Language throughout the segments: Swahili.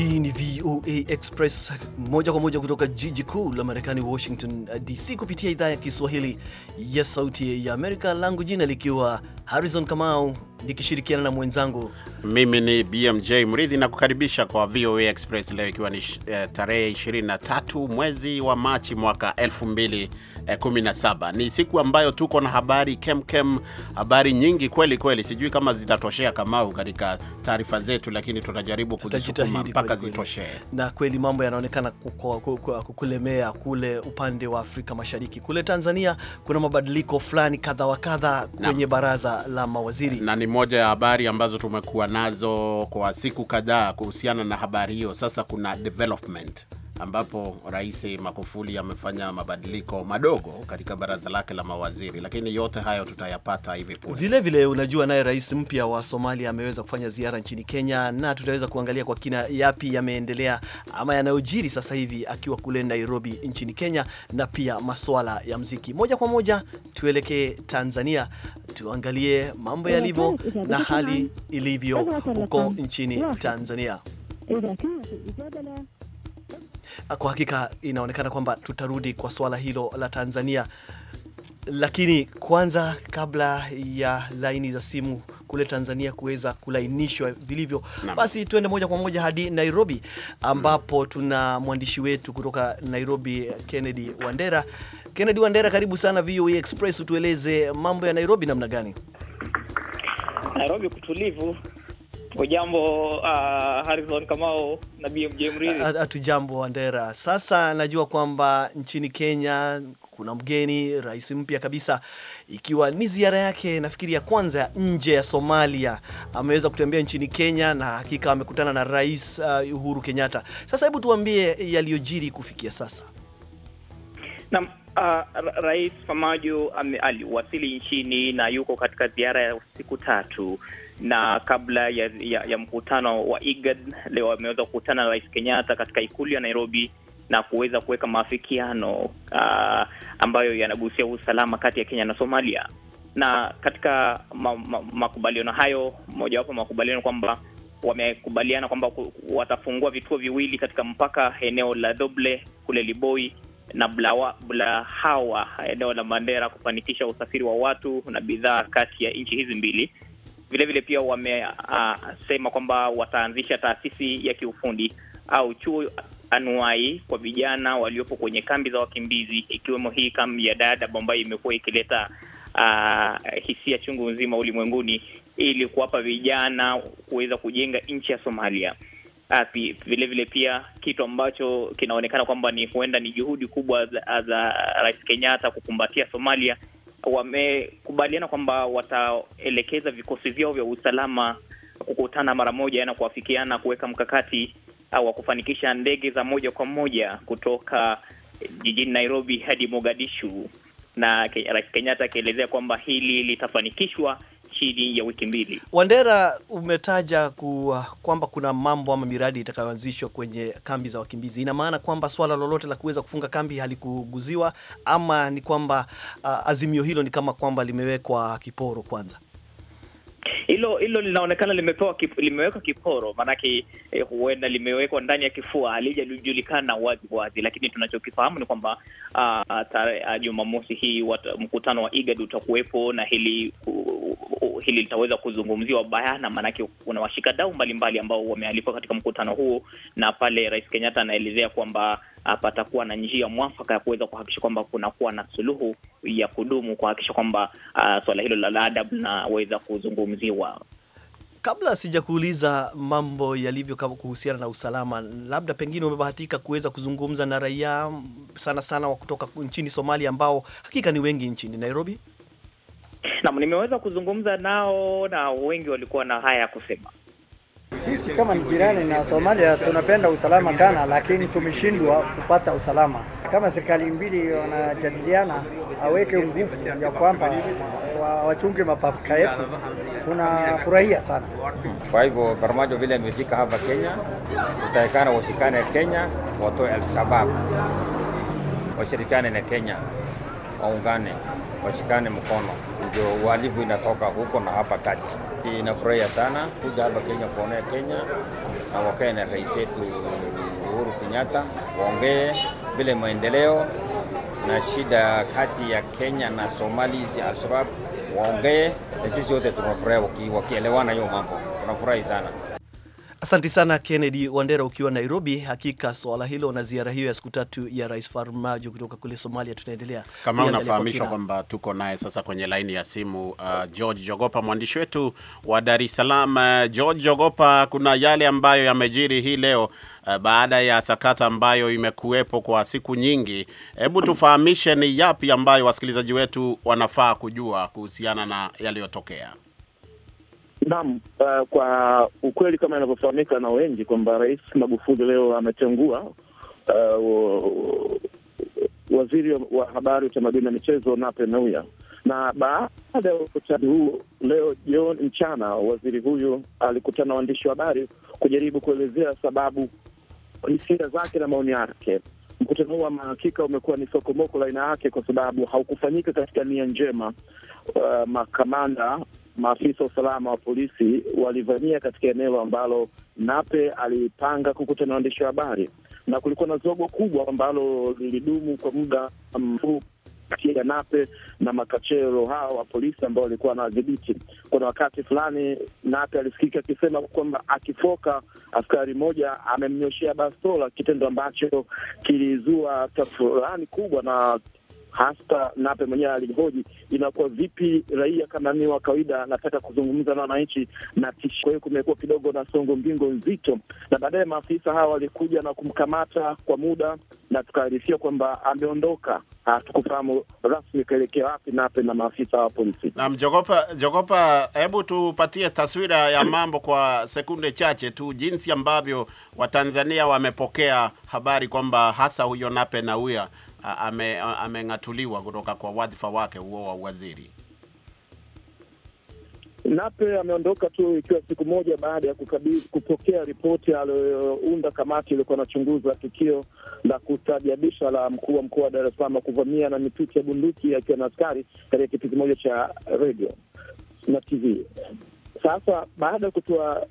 Hii ni VOA Express moja kwa moja kutoka jiji kuu la Marekani, Washington uh, DC, kupitia idhaa ya Kiswahili ya Sauti ya Amerika, langu jina likiwa Harrison Kamau nikishirikiana na mwenzangu mimi ni BMJ Mridhi na kukaribisha kwa VOA Express leo ikiwa ni eh, tarehe 23 mwezi wa Machi mwaka 2000 17. Eh, ni siku ambayo tuko na habari kemkem, habari nyingi kweli kweli. Sijui kama zitatoshea Kamau katika taarifa zetu, lakini tutajaribu kuzisukuma mpaka zitoshee. Na kweli mambo yanaonekana kukulemea kule upande wa Afrika Mashariki. Kule Tanzania kuna mabadiliko fulani kadha wa kadha kwenye baraza la mawaziri, na ni moja ya habari ambazo tumekuwa nazo kwa siku kadhaa kuhusiana na habari hiyo. Sasa kuna development ambapo Rais Magufuli amefanya mabadiliko madogo katika baraza lake la mawaziri, lakini yote hayo tutayapata hivi punde. Vile vile, unajua naye rais mpya wa Somalia ameweza kufanya ziara nchini Kenya, na tutaweza kuangalia kwa kina yapi yameendelea ama yanayojiri sasa hivi akiwa kule Nairobi nchini Kenya, na pia masuala ya mziki. Moja kwa moja tuelekee Tanzania, tuangalie mambo eh, yalivyo na hali ilivyo huko nchini Tanzania. Eh, Ah, kwa hakika inaonekana kwamba tutarudi kwa swala hilo la Tanzania, lakini kwanza, kabla ya laini za simu kule Tanzania kuweza kulainishwa vilivyo, basi tuende moja kwa moja hadi Nairobi ambapo tuna mwandishi wetu kutoka Nairobi, Kennedy Wandera. Kennedy Wandera, karibu sana VOA e Express, utueleze mambo ya Nairobi namna gani? Nairobi kutulivu, Ujambo uh, ah, Harrison Kamao na BMJ Mridhi. jambo Wandera. Sasa najua kwamba nchini Kenya kuna mgeni rais mpya kabisa, ikiwa ni ziara yake nafikiri ya kwanza nje ya Somalia. Ameweza kutembea nchini Kenya na hakika amekutana na rais uh, Uhuru Kenyatta. Sasa hebu tuambie yaliyojiri kufikia sasa. Naam. Uh, Rais Famaju aliwasili nchini na yuko katika ziara ya siku tatu na kabla ya, ya, ya mkutano wa IGAD leo wameweza kukutana na Rais Kenyatta katika ikulu ya Nairobi na kuweza kuweka maafikiano uh, ambayo yanagusia usalama kati ya Kenya na Somalia. Na katika ma, ma, makubaliano hayo, mojawapo makubaliano kwamba wamekubaliana kwamba watafungua vituo viwili katika mpaka eneo la Doble kule Liboi na Bulawa, Bulahawa eneo la Mandera kufanikisha usafiri wa watu na bidhaa kati ya nchi hizi mbili. Vilevile pia wamesema uh, kwamba wataanzisha taasisi ya kiufundi au chuo anuai kwa vijana waliopo kwenye kambi za wakimbizi, ikiwemo hii kambi ya Dadaab ambayo imekuwa ikileta uh, hisia chungu nzima ulimwenguni ili kuwapa vijana kuweza kujenga nchi ya Somalia. Api, ah, vile vile pia kitu ambacho kinaonekana kwamba ni huenda ni juhudi kubwa za, za Rais Kenyatta kukumbatia Somalia wamekubaliana kwamba wataelekeza vikosi vyao vya usalama kukutana mara moja na kuafikiana kuweka mkakati uh, wa kufanikisha ndege za moja kwa moja kutoka eh, jijini Nairobi hadi Mogadishu, na Rais Kenyatta akielezea kwamba hili litafanikishwa chini ya wiki mbili. Wandera, umetaja kwamba kuna mambo ama miradi itakayoanzishwa kwenye kambi za wakimbizi. Ina maana kwamba swala lolote la kuweza kufunga kambi halikuguziwa ama ni kwamba uh, azimio hilo ni kama kwamba limewekwa kiporo kwanza? hilo hilo linaonekana limepewa kip, limewekwa kiporo, maanake eh, huenda limewekwa ndani ya kifua, halijajulikana wazi wazi, lakini tunachokifahamu ni kwamba uh, Jumamosi hii wat, mkutano wa IGAD utakuwepo na hili uh, uh, hili litaweza kuzungumziwa bayana, maanake kuna washikadau mbalimbali ambao wamealikwa katika mkutano huo, na pale Rais Kenyatta anaelezea kwamba Ah, patakuwa na njia mwafaka ya kuweza kuhakikisha kwamba kunakuwa na suluhu ya kudumu kuhakikisha kwamba uh, ah, suala hilo la adab linaweza kuzungumziwa. Kabla sijakuuliza mambo yalivyo kuhusiana na usalama, labda pengine umebahatika kuweza kuzungumza na raia mm, sana sana wa kutoka nchini Somalia ambao hakika ni wengi nchini Nairobi? Naam, nimeweza kuzungumza nao na wengi walikuwa na haya ya kusema. Sisi kama ni jirani na Somalia tunapenda usalama sana, lakini tumeshindwa kupata usalama. Kama serikali mbili wanajadiliana, aweke nguvu ya kwamba wachunge mapaka yetu, tunafurahia sana. Kwa hivyo Farmajo vile amefika hapa Kenya, utaekana washikane Kenya, watoe Al-Shabab, washirikiane na Kenya, waungane, washikane mkono, ndio uhalifu inatoka huko na hapa kati. Inafurahia sana kuja hapa Kenya kuonea Kenya na wakae na rais wetu Uhuru Kenyatta, waongee vile maendeleo na shida kati ya Kenya na al Alshabab waongee, na sisi wote tunafurahi wakielewana hiyo mambo, tunafurahi sana. Asanti sana Kennedy Wandera ukiwa Nairobi. Hakika swala hilo na ziara hiyo ya siku tatu ya Rais Farmajo kutoka kule Somalia tunaendelea. Kama unafahamishwa kwamba tuko naye sasa kwenye laini ya simu uh, George Jogopa, mwandishi wetu wa Dar es Salaam. Uh, George Jogopa, kuna yale ambayo yamejiri hii leo uh, baada ya sakata ambayo imekuwepo kwa siku nyingi. Hebu tufahamishe ni yapi ambayo wasikilizaji wetu wanafaa kujua kuhusiana na yaliyotokea. Naam, uh, kwa ukweli kama inavyofahamika na wengi kwamba Rais Magufuli leo ametengua uh, waziri wa habari, utamaduni na michezo Nape Nnauye, na baada ya ukutani huu leo jioni, mchana, waziri huyu alikutana na waandishi wa habari kujaribu kuelezea sababu, hisia zake na maoni yake. Mkutano huu wa mahakika umekuwa ni sokomoko la aina yake, kwa sababu haukufanyika katika nia njema. Uh, makamanda maafisa wa usalama wa polisi walivamia katika eneo ambalo Nape alipanga kukutana na waandishi wa habari, na kulikuwa na zogo kubwa ambalo lilidumu kwa muda mfupi kati ya Nape na makachero hao wa polisi ambao walikuwa wanawadhibiti. Kuna wakati fulani Nape alisikika akisema kwamba akifoka askari mmoja amemnyoshea bastola, kitendo ambacho kilizua tafurani kubwa na hasa Nape mwenyewe alihoji inakuwa vipi raia kama mi wa kawaida nataka kuzungumza na wananchi na tishi. Kwa hiyo kumekuwa kidogo na songo mbingo nzito, na baadaye maafisa hawa walikuja na kumkamata kwa muda, na tukaarifia kwamba ameondoka. Hatukufahamu rasmi kaelekea wapi Nape na maafisa wa polisi. Naam, Jogopa, Jogopa, hebu tupatie taswira ya mambo kwa sekunde chache tu, jinsi ambavyo Watanzania wamepokea habari kwamba hasa huyo Nape na ameng'atuliwa ame kutoka kwa wadhifa wake huo wa uwaziri. Nape ameondoka tu ikiwa siku moja baada ya kupokea ripoti aliyounda kamati iliyokuwa inachunguza tukio la kustajabisha la mkuu wa mkoa wa Dar es Salaam kuvamia na mitutu ya bunduki akiwa na askari katika kitu kimoja cha redio na TV. Sasa baada ya kutoa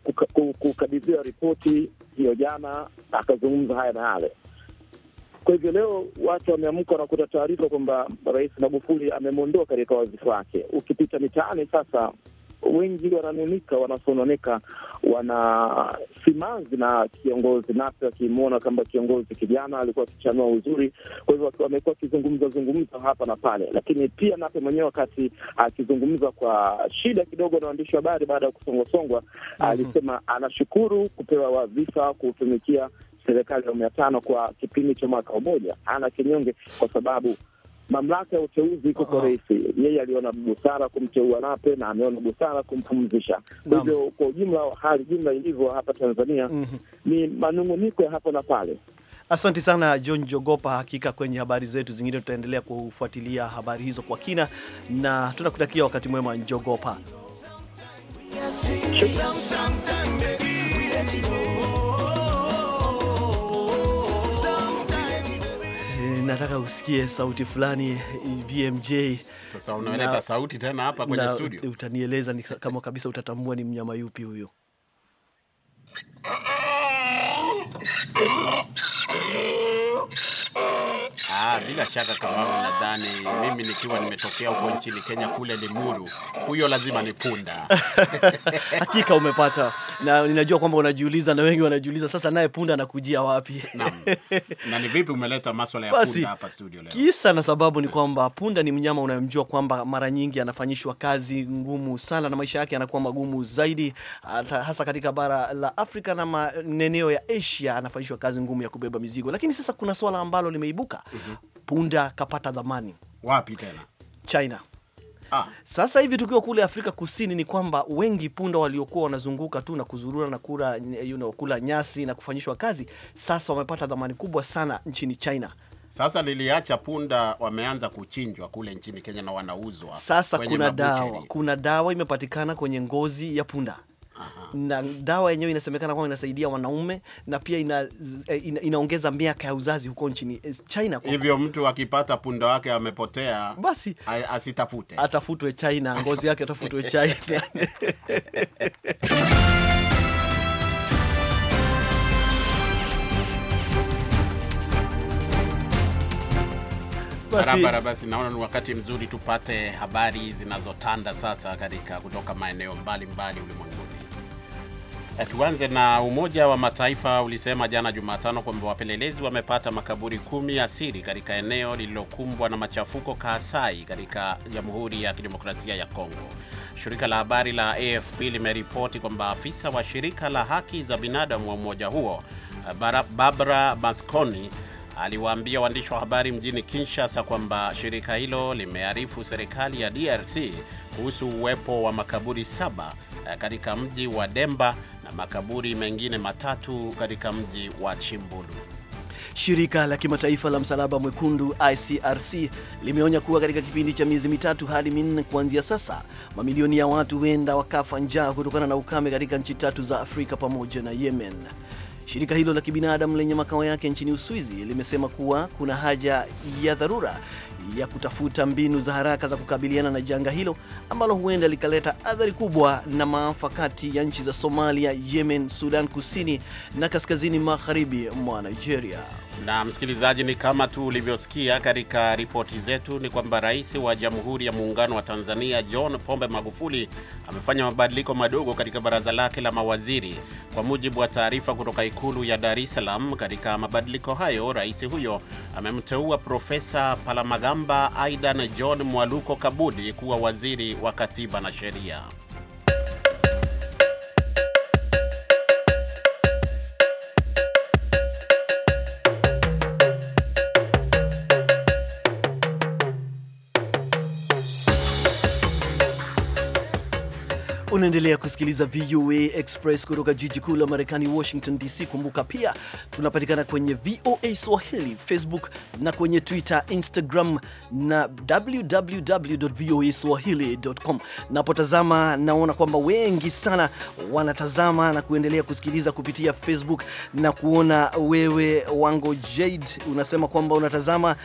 kukabidhiwa ripoti hiyo jana, akazungumza haya na yale kwa hivyo leo watu wameamka, wanakuta taarifa kwamba Rais Magufuli amemwondoa katika wadhifa wake. Ukipita mitaani sasa wengi wananunika, wanasononeka, wana simanzi na kiongozi Nape, akimwona kwamba kiongozi kijana alikuwa akichanua uzuri. Kwa hivyo wamekuwa akizungumza zungumza hapa na pale, lakini pia Nape mwenyewe wakati akizungumza kwa shida kidogo na waandishi wa habari baada ya kusongwasongwa, alisema anashukuru kupewa wadhifa kuutumikia serikali ya awamu ya tano kwa kipindi cha mwaka mmoja. ana kinyonge kwa sababu mamlaka ya uteuzi iko kwa rais. Yeye aliona busara kumteua Nape na ameona busara kumpumzisha. Kwa hivyo, kwa ujumla, hali jumla ilivyo hapa Tanzania mm -hmm. ni manung'uniko ya hapo na pale. Asante sana John Jogopa. Hakika kwenye habari zetu zingine tutaendelea kufuatilia habari hizo kwa kina, na tunakutakia wakati mwema Jogopa. nataka usikie sauti fulani eh, BMJ. Sasa unaleta na, sauti tena hapa kwenye studio, utanieleza ni kama kabisa utatambua ni mnyama yupi huyo. Ah, bila shaka oh. nadhani mimi nikiwa nimetokea huko nchini Kenya kule Limuru, huyo lazima ni punda. Hakika umepata, na ninajua kwamba unajiuliza na wengi wanajiuliza sasa, naye punda anakujia wapi? Na ni vipi umeleta maswala ya Basi, punda hapa studio leo? Kisa na sababu ni kwamba punda ni mnyama unayemjua kwamba mara nyingi anafanyishwa kazi ngumu sana na maisha yake yanakuwa magumu zaidi, hasa katika bara la Afrika na maeneo ya Asia, anafanyishwa kazi ngumu ya kubeba mizigo, lakini sasa kuna swala ambalo limeibuka mm -hmm punda kapata dhamani wapi tena? China. Ah. Sasa hivi tukiwa kule Afrika Kusini ni kwamba wengi punda waliokuwa wanazunguka tu na kuzurura na kula, you know, kula nyasi na kufanyishwa kazi sasa wamepata dhamani kubwa sana nchini China. Sasa liliacha punda wameanza kuchinjwa kule nchini Kenya na wanauzwa. Sasa kuna dawa, kuna dawa imepatikana kwenye ngozi ya punda Aha. na dawa yenyewe inasemekana kwamba inasaidia wanaume na pia ina, eh, ina, inaongeza miaka ya uzazi huko nchini eh, China. Hivyo mtu akipata punda wake amepotea, basi asitafute, atafutwe China, ngozi yake atafutwe China. Barabara, basi naona ni wakati mzuri tupate habari zinazotanda sasa katika kutoka maeneo mbalimbali ulimwenguni. Eh, tuanze na Umoja wa Mataifa ulisema jana Jumatano kwamba wapelelezi wamepata makaburi kumi ya siri katika eneo lililokumbwa na machafuko Kasai katika Jamhuri ya Kidemokrasia ya Kongo. Shirika la habari la AFP limeripoti kwamba afisa wa shirika la haki za binadamu wa umoja huo eh, Barbara masconi aliwaambia waandishi wa habari mjini Kinshasa kwamba shirika hilo limearifu serikali ya DRC kuhusu uwepo wa makaburi saba eh, katika mji wa Demba na makaburi mengine matatu katika mji wa Chimbulu. Shirika la kimataifa la msalaba mwekundu ICRC limeonya kuwa katika kipindi cha miezi mitatu hadi minne kuanzia sasa, mamilioni ya watu huenda wakafa njaa kutokana na ukame katika nchi tatu za Afrika pamoja na Yemen. Shirika hilo la kibinadamu lenye makao yake nchini Uswizi limesema kuwa kuna haja ya dharura ya kutafuta mbinu za haraka za kukabiliana na janga hilo ambalo huenda likaleta athari kubwa na maafa kati ya nchi za Somalia, Yemen, Sudan Kusini na kaskazini magharibi mwa Nigeria. Na msikilizaji, ni kama tu ulivyosikia katika ripoti zetu, ni kwamba rais wa Jamhuri ya Muungano wa Tanzania John Pombe Magufuli amefanya mabadiliko madogo katika baraza lake la mawaziri. Kwa mujibu wa taarifa kutoka Ikulu ya Dar es Salaam, katika mabadiliko hayo rais huyo amemteua Profesa Palamagamba Aidan John Mwaluko Kabudi kuwa waziri wa Katiba na Sheria. Unaendelea kusikiliza VOA Express kutoka jiji kuu la Marekani, Washington DC. Kumbuka pia tunapatikana kwenye VOA Swahili Facebook na kwenye Twitter, Instagram na www voa swahili.com. Napotazama naona kwamba wengi sana wanatazama na kuendelea kusikiliza kupitia Facebook na kuona wewe, Wango Jade unasema kwamba unatazama.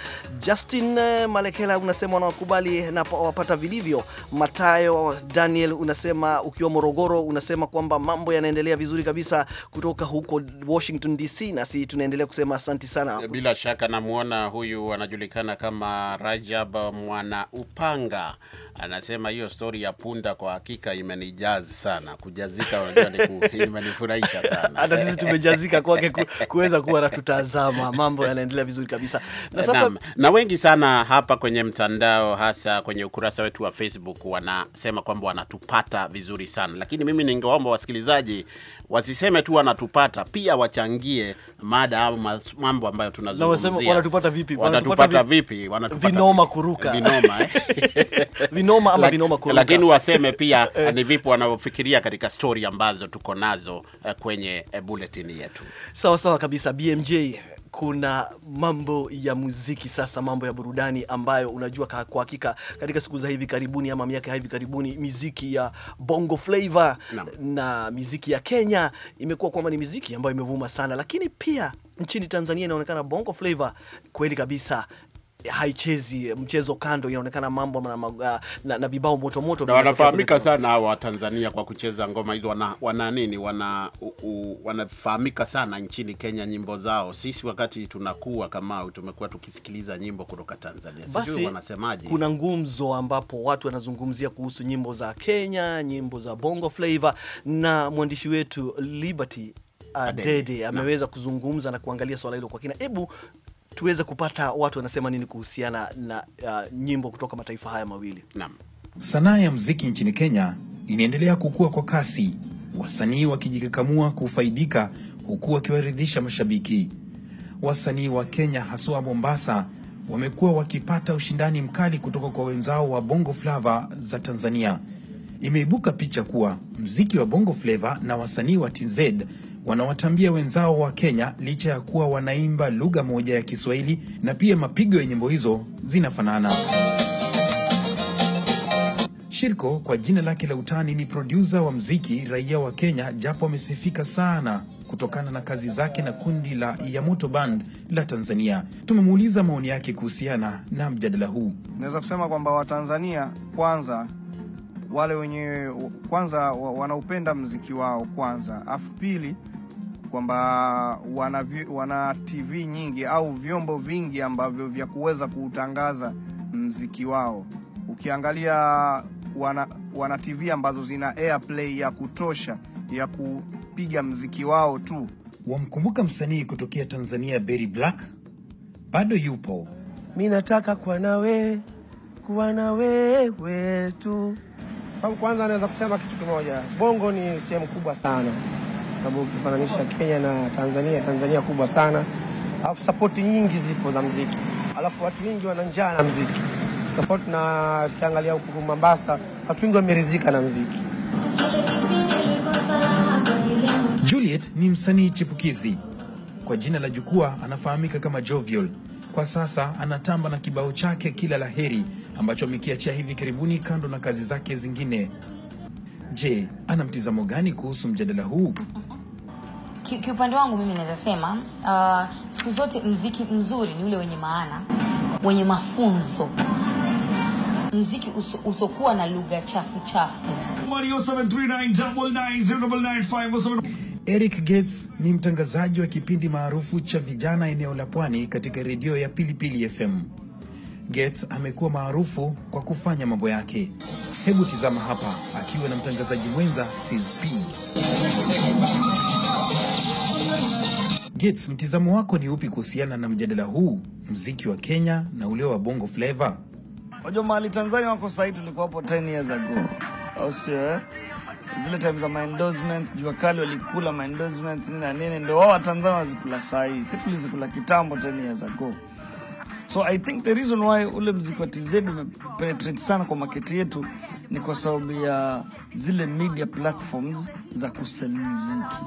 Justin eh, Malekela unasema wanawakubali na wapata vilivyo. Matayo Daniel unasema ukiwa Morogoro, unasema kwamba mambo yanaendelea vizuri kabisa kutoka huko Washington DC, nasi tunaendelea kusema asanti sana. Bila shaka namwona huyu anajulikana kama Rajab Mwana Upanga, anasema hiyo stori ya punda kwa hakika imenijazi sana. Kujazika unajua imenifurahisha sana hata sisi tumejazika kwake kuweza kuwa natutazama. Mambo yanaendelea vizuri kabisa na, sasa... na, na wengi sana hapa kwenye mtandao hasa kwenye ukurasa wetu wa Facebook wanasema kwamba wanatupata vizuri vizuri sana, lakini mimi ningewaomba wasikilizaji wasiseme tu wanatupata, pia wachangie mada au mambo ambayo tunazungumzia. vipi? Wanatupata vipi? Wanatupata vinoma kuruka vinoma, eh? vinoma ama vinoma kuruka, lakini waseme pia eh. ni vipi wanavyofikiria katika stori ambazo tuko nazo eh, kwenye eh, bulletin yetu. Sawa sawa kabisa, BMJ kuna mambo ya muziki sasa, mambo ya burudani ambayo unajua kwa hakika katika siku za hivi karibuni ama miaka ya hivi karibuni, miziki ya Bongo Flava na, na miziki ya Kenya imekuwa kwamba ni miziki ambayo imevuma sana, lakini pia nchini Tanzania inaonekana Bongo Flava kweli kabisa haichezi mchezo kando, inaonekana mambo na, ah, na, na vibao motomoto. Wanafahamika sana hawa Watanzania kwa kucheza ngoma hizo, wana, wana nini wana wanafahamika sana nchini Kenya nyimbo zao. Sisi wakati tunakuwa kama tumekuwa tukisikiliza nyimbo kutoka Tanzania, basi wanasemaje. Kuna ngumzo ambapo watu wanazungumzia kuhusu nyimbo za Kenya, nyimbo za Bongo Flava na mwandishi wetu Liberty Adede ameweza kuzungumza na kuangalia swala hilo kwa kina. Hebu tuweze kupata watu wanasema nini kuhusiana na uh, nyimbo kutoka mataifa haya mawili. Naam. Sanaa ya mziki nchini Kenya inaendelea kukua kwa kasi, wasanii wakijikakamua kufaidika huku wakiwaridhisha mashabiki. Wasanii wa Kenya haswa Mombasa wamekuwa wakipata ushindani mkali kutoka kwa wenzao wa Bongo Flava za Tanzania. Imeibuka picha kuwa mziki wa Bongo Flava na wasanii wa TZ wanawatambia wenzao wa Kenya licha ya kuwa wanaimba lugha moja ya Kiswahili na pia mapigo ya nyimbo hizo zinafanana. Shirko kwa jina lake la utani ni produsa wa mziki raia wa Kenya, japo amesifika sana kutokana na kazi zake na kundi la Yamoto Band la Tanzania. Tumemuuliza maoni yake kuhusiana na mjadala huu. Naweza kusema kwamba Watanzania kwanza wale wenye kwanza wanaupenda mziki wao kwanza, afu pili kwamba wana, wana TV nyingi au vyombo vingi ambavyo vya kuweza kuutangaza mziki wao. Ukiangalia wana, wana TV ambazo zina airplay ya kutosha ya kupiga mziki wao tu. Wamkumbuka msanii kutokea Tanzania Berry Black bado yupo. mi nataka kuwa nawe kuwa na wewe tu sababu kwanza naweza kusema kitu kimoja, Bongo ni sehemu kubwa sana, sababu ukifananisha Kenya na Tanzania, Tanzania kubwa sana, alafu sapoti nyingi zipo za mziki, alafu watu wengi wana njaa na mziki, tofauti na tukiangalia huku Mombasa, watu wengi wameridhika na mziki. Juliet ni msanii chipukizi kwa jina la jukwaa anafahamika kama Jovial. Kwa sasa anatamba na kibao chake kila laheri ambacho amekiachia hivi karibuni, kando na kazi zake zingine. Je, ana mtizamo gani kuhusu mjadala huu? Kiupande wangu mimi naweza sema uh, siku zote mziki mzuri ni ule wenye maana, wenye mafunzo, mziki usokuwa na lugha chafu chafu. Oh Eric Gates ni mtangazaji wa kipindi maarufu cha vijana eneo la Pwani katika redio ya Pilipili FM. Gates amekuwa maarufu kwa kufanya mambo yake. Hebu tizama hapa akiwa na mtangazaji mwenza CZP. Gates, mtizamo wako ni upi kuhusiana na mjadala huu, mziki wa Kenya na ule wa Bongo Flava? Wajua mahali Tanzania wako sahii, tulikuwa hapo 10 years ago, au sio eh? Zile time za endorsements, jua kali walikula endorsements na nini, ndio wao Watanzania wazikula sahii, si tulizikula kitambo 10 years ago. So I think the reason why ule mziki wa TZ umepenetrate sana kwa maketi yetu ni kwa sababu ya zile media platforms za kusell mziki.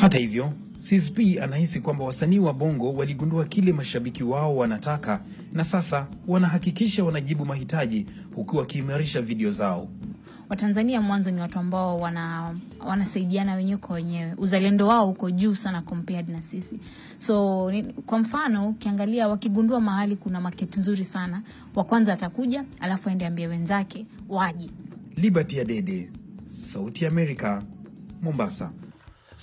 Hata hivyo, CSP anahisi kwamba wasanii wa Bongo waligundua kile mashabiki wao wanataka na sasa wanahakikisha wanajibu mahitaji huku wakiimarisha video zao. Watanzania mwanzo ni watu ambao wana wanasaidiana wenyewe kwa wenyewe, uzalendo wao uko juu sana compared na sisi. So ni, kwa mfano ukiangalia, wakigundua mahali kuna market nzuri sana, wa kwanza atakuja, alafu aende ambie wenzake waje. Liberty Adede, Sauti ya Amerika, Mombasa.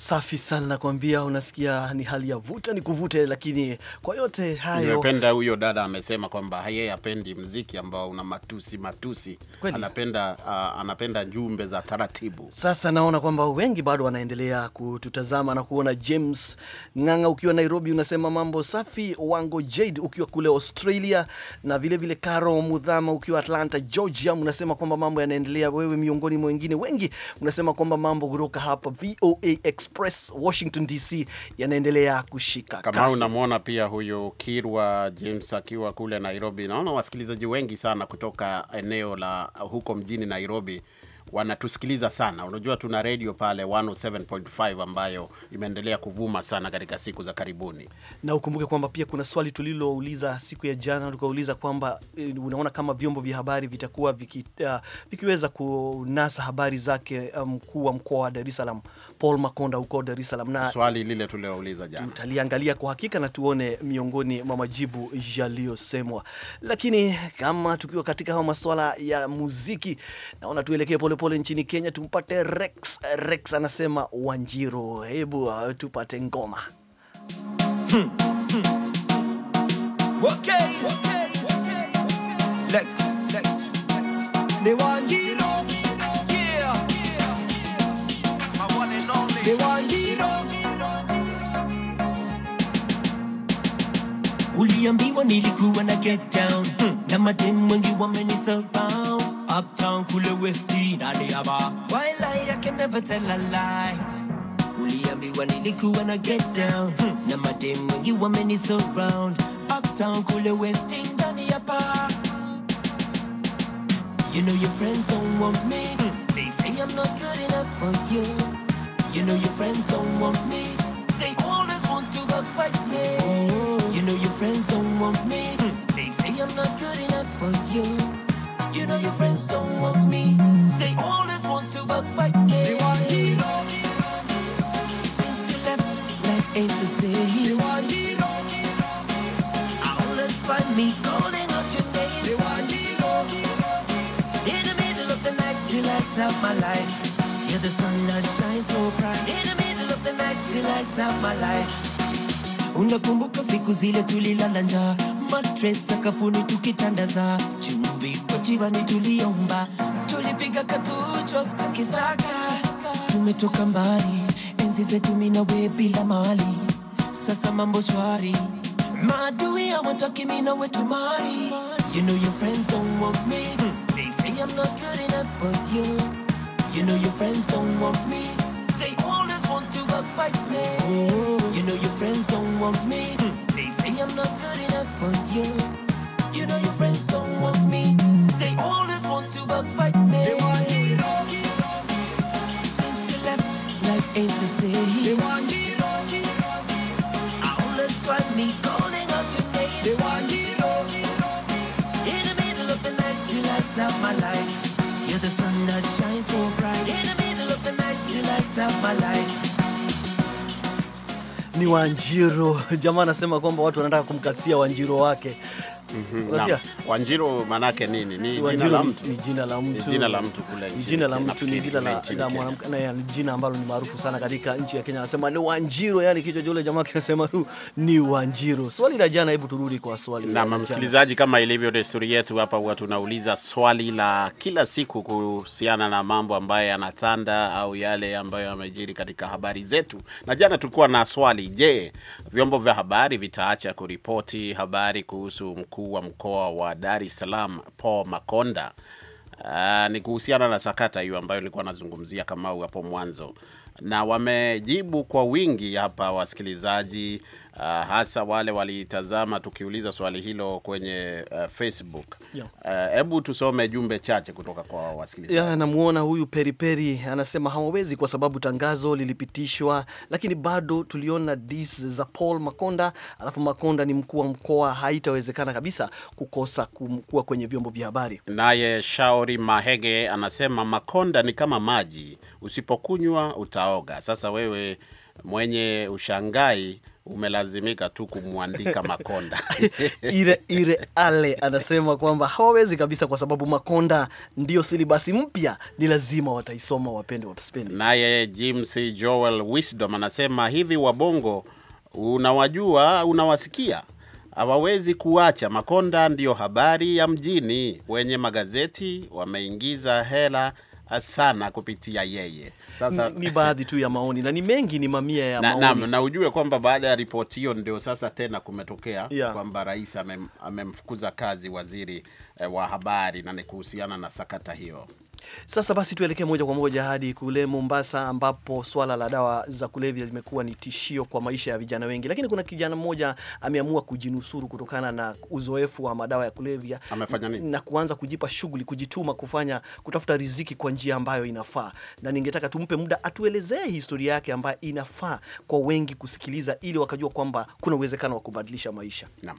Safi sana nakwambia, unasikia ni hali ya vuta ni kuvute, lakini kwa yote hayo nimependa. Huyo dada amesema kwamba yeye apendi mziki ambao una matusi matusi, anapenda uh, anapenda jumbe za taratibu. Sasa naona kwamba wengi bado wanaendelea kututazama na kuona. James Ng'ang'a ukiwa Nairobi unasema mambo safi. Wango Jade ukiwa kule Australia, na vile vile Karo Mudhama ukiwa Atlanta Georgia, unasema kwamba mambo yanaendelea. Wewe miongoni mwa wengine wengi unasema kwamba mambo kutoka hapa VOA Express Express Washington DC yanaendelea kushika kasi. Kama unamwona pia huyu Kirwa James akiwa kule Nairobi, naona wasikilizaji wengi sana kutoka eneo la huko mjini Nairobi wanatusikiliza sana. Unajua tuna redio pale 107.5 ambayo imeendelea kuvuma sana katika siku za karibuni, na ukumbuke kwamba pia kuna swali tulilouliza siku ya jana, tukauliza kwamba eh, unaona kama vyombo vya habari vitakuwa viki, uh, vikiweza kunasa habari zake eh, mkuu um, wa mkoa wa Dar es Salaam Paul Makonda huko Dar es Salaam, na swali lile tulilouliza jana tutaliangalia kwa hakika na tuone miongoni mwa majibu yaliyosemwa, lakini kama tukiwa katika hao masuala ya muziki, naona tuelekee polepole nchini Kenya, tumpate Rex. Rex anasema Wanjiru, hebu uh, tupate ngoma hmm. Hmm. Okay. Okay. Okay. Lex. Lex. The one Uliambiwa nilikuwa na get down hmm. na madem wengi wamenisurround Uptown cooler with Tina Diaba. Why lie? I can never tell a lie. Only I be one when I get down. Hmm. Now my when you want me so round. Uptown cooler with Tina Diaba. You know your friends don't want me. Hmm. They say I'm not good enough for you. Unakumbuka siku zile tulilala njaa, matresakafuni tukitandaza, chumvi kwa jirani tuliomba, tulipiga kakucho tukisaka. Tumetoka mbali, enzi zetu mimi na bila mali, sasa mambo shwari, maadui ya mimi You know your friends don't want me Wanjiro. Jamaa anasema kwamba watu wanataka kumkatia Wanjiro wake. Mm -hmm. Wanjiru manake nini? Ni jina la mtu. Ni jina la mtu. Ni jina la mtu kule nchini. Ni jina la mtu, ni jina la la mwanamke na yani jina ambalo ni maarufu sana katika nchi ya Kenya. Anasema ni Wanjiru, yani kichwa jule jamaa kinasema tu ni Wanjiru. Swali la jana, hebu turudi kwa swali. Na msikilizaji, kama ilivyo desturi yetu hapa huwa tunauliza swali la kila siku kuhusiana na mambo ambayo yanatanda au yale ambayo yamejiri katika habari zetu. Na jana tulikuwa na swali, je, vyombo vya habari vitaacha kuripoti habari kuhusu mkuu wa mkoa wa Dar es Salaam Paul Makonda. Aa, ah, ni kuhusiana na sakata hiyo ambayo nilikuwa nazungumzia kama hapo mwanzo, na wamejibu kwa wingi hapa wasikilizaji uh, hasa wale walitazama tukiuliza swali hilo kwenye uh, Facebook. Eh, hebu uh, tusome jumbe chache kutoka kwa wasikilizaji. Namuona huyu Periperi anasema hawawezi kwa sababu tangazo lilipitishwa, lakini bado tuliona dis za Paul Makonda, alafu Makonda ni mkuu wa mkoa, haitawezekana kabisa kukosa kuwa kwenye vyombo vya habari. Naye Shauri Mahege anasema Makonda ni kama maji, usipokunywa utaoga. Sasa wewe mwenye ushangai umelazimika tu kumwandika Makonda ile ile ale anasema kwamba hawawezi kabisa, kwa sababu Makonda ndio silibasi mpya, ni lazima wataisoma, wapende wasipende. Naye James Joel Wisdom anasema hivi, wabongo unawajua, unawasikia hawawezi kuacha Makonda, ndiyo habari ya mjini. Wenye magazeti wameingiza hela sana kupitia yeye. Sasa ni, ni baadhi tu ya maoni na ni mengi, ni mamia ya maoni na, na, na ujue kwamba baada ya ripoti hiyo ndio sasa tena kumetokea yeah, kwamba rais amemfukuza kazi waziri eh, wa habari na ni kuhusiana na sakata hiyo. Sasa basi tuelekee moja kwa moja hadi kule Mombasa, ambapo swala la dawa za kulevya limekuwa ni tishio kwa maisha ya vijana wengi, lakini kuna kijana mmoja ameamua kujinusuru kutokana na uzoefu wa madawa ya kulevya. Amefanya nini? Na kuanza kujipa shughuli, kujituma, kufanya kutafuta riziki kwa njia ambayo inafaa, na ningetaka tumpe muda atuelezee historia yake ambayo inafaa kwa wengi kusikiliza, ili wakajua kwamba kuna uwezekano wa kubadilisha maisha. Naam.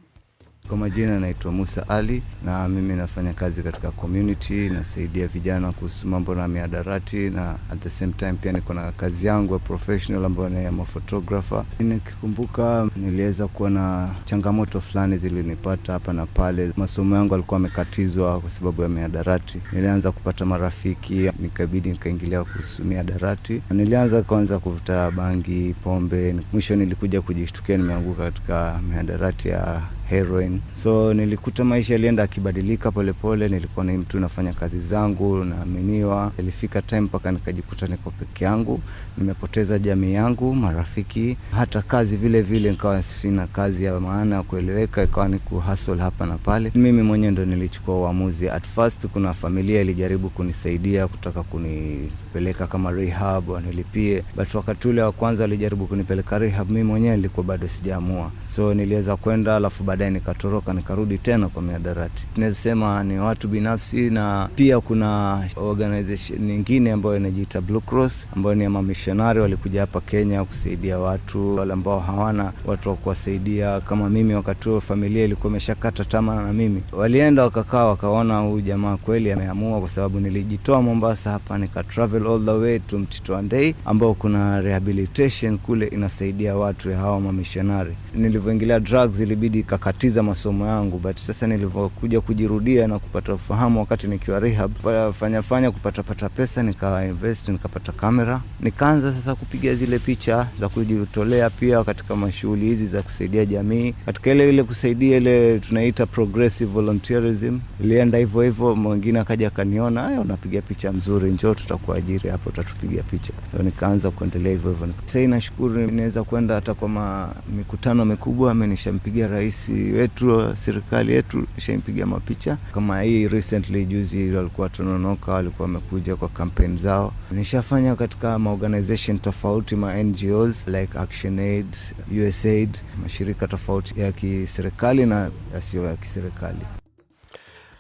Kwa majina naitwa Musa Ali na mimi nafanya kazi katika community, nasaidia vijana kuhusu mambo na miadarati, na at the same time pia niko na kazi yangu ya professional ambayo ni ya photographer. Nikikumbuka niliweza kuwa na changamoto fulani zilinipata hapa na pale. Masomo yangu alikuwa amekatizwa kwa sababu ya miadarati. Nilianza kupata marafiki, nikabidi nikaingilia kuhusu miadarati. Nilianza kwanza kuvuta bangi, pombe, mwisho nilikuja kujishtukia nimeanguka katika miadarati ya heroin. So nilikuta maisha yalienda akibadilika polepole, nilikuwa ni mtu nafanya kazi zangu, naaminiwa. Ilifika time mpaka nikajikuta niko peke yangu, nimepoteza jamii yangu, marafiki, hata kazi vile vile, nikawa sina kazi ya maana ya kueleweka, ikawa ni kuhustle hapa na pale. Mimi mwenyewe ndo nilichukua uamuzi. At first kuna familia ilijaribu kunisaidia kutaka kunipeleka kama rehab, wanilipie, but wakati ule wa kwanza walijaribu kunipeleka rehab, mimi mwenyewe nilikuwa bado sijaamua, so niliweza kwenda alafu baada baadaye nikatoroka nikarudi tena kwa miadarati. Naweza sema ni watu binafsi, na pia kuna organization nyingine ambayo inajiita Blue Cross ambayo ni ya mamishonari, walikuja hapa Kenya kusaidia watu wale ambao hawana watu wa kuwasaidia. Kama mimi, wakati huo familia ilikuwa imeshakata tamaa, na mimi walienda wakakaa, wakaona huyu jamaa kweli ameamua, kwa sababu nilijitoa Mombasa hapa nika travel all the way to Mtito Andei ambao kuna rehabilitation kule inasaidia watu hawa mamishonari. Nilivyoingilia drugs ilibidi ka nikakatiza masomo yangu, but sasa nilivyokuja kujirudia na kupata ufahamu wakati nikiwa rehab, fanya fanya kupatapata pesa, nika invest nikapata kamera, nikaanza sasa kupiga zile picha za kujitolea, pia katika mashughuli hizi za kusaidia jamii, katika ile ile kusaidia ile tunaita progressive volunteerism. Ilienda hivyo hivyo, mwingine akaja akaniona, aya, unapiga picha mzuri, njoo tutakuajiri hapo, utatupiga picha. Nikaanza kuendelea hivyo hivyo. Sasa nashukuru, naweza kwenda hata kwa mikutano mikubwa, amenishampiga rais wetu, serikali yetu ishaimpiga mapicha kama hii. Recently juzi walikuwa Tononoka, walikuwa wamekuja kwa kampeni zao. Nishafanya katika maorganization tofauti, ma NGOs like ActionAid, USAID, mashirika tofauti ya kiserikali na yasiyo ya kiserikali.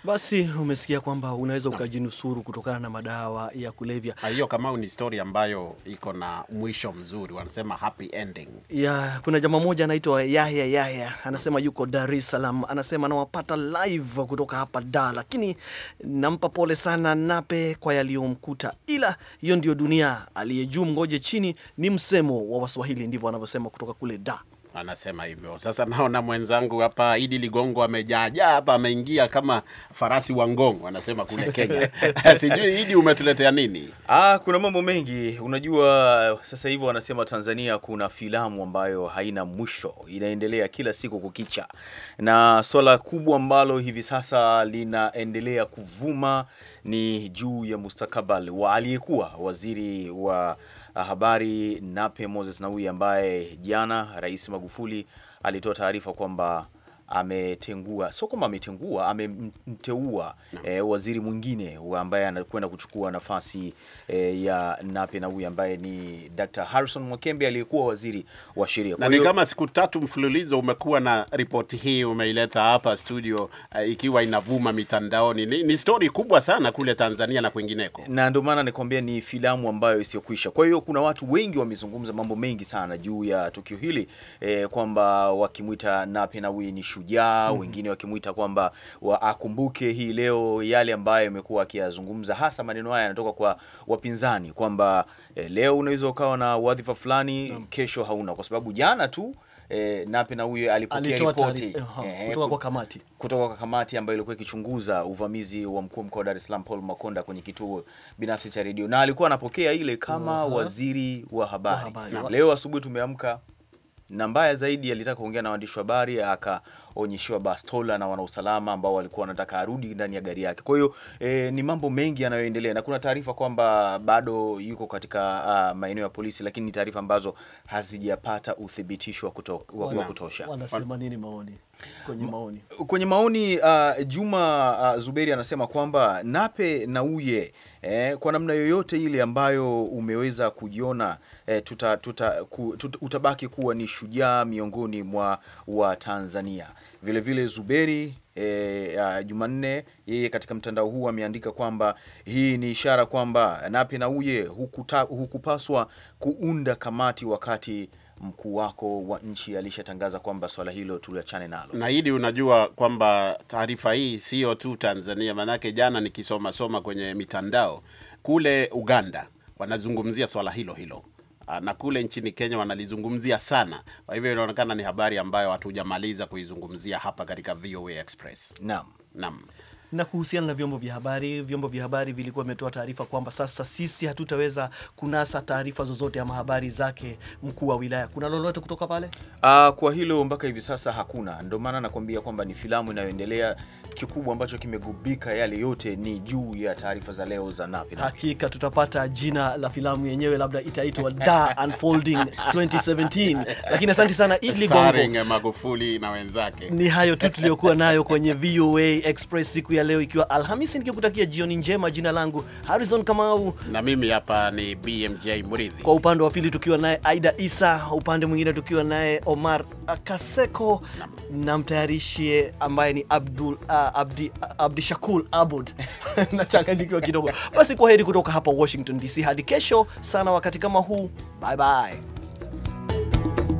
Basi umesikia kwamba unaweza ukajinusuru kutokana na madawa ya kulevya. Ah, hiyo kama ni story ambayo iko na mwisho mzuri, wanasema happy ending. Ya, kuna jamaa mmoja anaitwa Yahya Yahya, anasema yuko Dar es Salaam, anasema anawapata live kutoka hapa Dar, lakini nampa pole sana Nape kwa yaliyomkuta, ila hiyo ndio dunia, aliyejuu mgoje chini, ni msemo wa Waswahili, ndivyo wanavyosema kutoka kule Dar anasema hivyo. Sasa naona mwenzangu hapa Idi Ligongo amejaajaa hapa, ameingia kama farasi wa ngongo, anasema kule Kenya. Sijui Idi umetuletea nini? Ah, kuna mambo mengi. Unajua sasa hivi wanasema Tanzania kuna filamu ambayo haina mwisho, inaendelea kila siku kukicha, na swala kubwa ambalo hivi sasa linaendelea kuvuma ni juu ya mustakabali wa aliyekuwa waziri wa Ah, habari Nape Moses Nauye ambaye jana Rais Magufuli alitoa taarifa kwamba ametengua sio kama ametengua, amemteua e, waziri mwingine ambaye anakwenda kuchukua nafasi e, ya Nape na huyu ambaye ni Dr. Harrison Mwakembe aliyekuwa waziri wa sheria. Na ni kama siku tatu mfululizo umekuwa na ripoti hii, umeileta hapa studio uh, ikiwa inavuma mitandaoni. Ni, ni story kubwa sana kule Tanzania na kwingineko, na ndio maana nikwambia ni filamu ambayo isiyokwisha. Kwa hiyo kuna watu wengi wamezungumza mambo mengi sana juu ya tukio hili e, kwamba wakimwita Nape na huyu ni shujaa mm -hmm. Wengine wakimwita kwamba wa akumbuke hii leo yale ambayo amekuwa akiyazungumza, hasa maneno haya yanatoka kwa wapinzani kwamba eh, leo unaweza ukawa na wadhifa fulani mm Kesho hauna kwa sababu jana tu E, Nape na huyo alipokea ripoti e, kutoka kwa kamati kutoka kwa kamati ambayo ilikuwa ikichunguza uvamizi wa mkuu wa mkoa wa Dar es Salaam Paul Makonda kwenye kituo binafsi cha redio, na alikuwa anapokea ile kama uh -huh. waziri wa habari. Leo asubuhi tumeamka na mbaya zaidi, alitaka kuongea na waandishi wa habari aka onyeshiwa bastola na wanausalama ambao walikuwa wanataka arudi ndani ya gari yake. Kwa hiyo e, ni mambo mengi yanayoendelea na kuna taarifa kwamba bado yuko katika ah, maeneo ya polisi, lakini ni taarifa ambazo hazijapata uthibitisho wa, kuto, kutosha. Wanasema nini maoni? Kwenye maoni, kwenye maoni uh, Juma uh, Zuberi anasema kwamba Nape uye eh, kwa namna yoyote ile ambayo umeweza kujiona eh, tuta, tuta, ku, tuta, utabaki kuwa ni shujaa miongoni mwa wa Tanzania. Vilevile vile Zuberi e, uh, Jumanne yeye katika mtandao huu ameandika kwamba hii ni ishara kwamba Nape Nnauye hukupaswa kuunda kamati wakati mkuu wako wa nchi alishatangaza kwamba swala hilo tuliachane nalo. Na hili unajua kwamba taarifa hii sio tu Tanzania, maanake jana nikisoma soma kwenye mitandao kule Uganda wanazungumzia swala hilo hilo Ah, na kule nchini Kenya wanalizungumzia sana. Kwa hivyo inaonekana ni habari ambayo hatujamaliza kuizungumzia hapa katika VOA Express. Naam. Naam. Na kuhusiana na vyombo vya habari, vyombo vya habari vilikuwa vimetoa taarifa kwamba sasa sisi hatutaweza kunasa taarifa zozote ama habari zake mkuu wa wilaya. Kuna lolote kutoka pale? Aa, ah, kwa hilo mpaka hivi sasa hakuna. Ndio maana nakwambia kwamba ni filamu inayoendelea. Kikubwa ambacho kimegubika yale yote ni juu ya taarifa za leo za Napi. Hakika tutapata jina la filamu yenyewe, labda itaitwa Da Unfolding 2017. Lakini asante sana Idli Gongo, Magufuli na wenzake. Ni hayo tu tuliyokuwa nayo kwenye VOA Express siku ya ya leo, ikiwa Alhamisi, nikikutakia jioni njema. Jina langu Harrison Kamau, na mimi hapa ni BMJ Muridhi, kwa upande wa pili tukiwa naye Aida Isa, upande mwingine tukiwa naye Omar Kaseko na, na mtayarishi ambaye ni Abdul, uh, Abdi, uh, Abdi Shakul Abud nachanganyikiwa kidogo. Basi kwa heri kutoka hapa Washington DC hadi kesho sana wakati kama huu. Bye bye.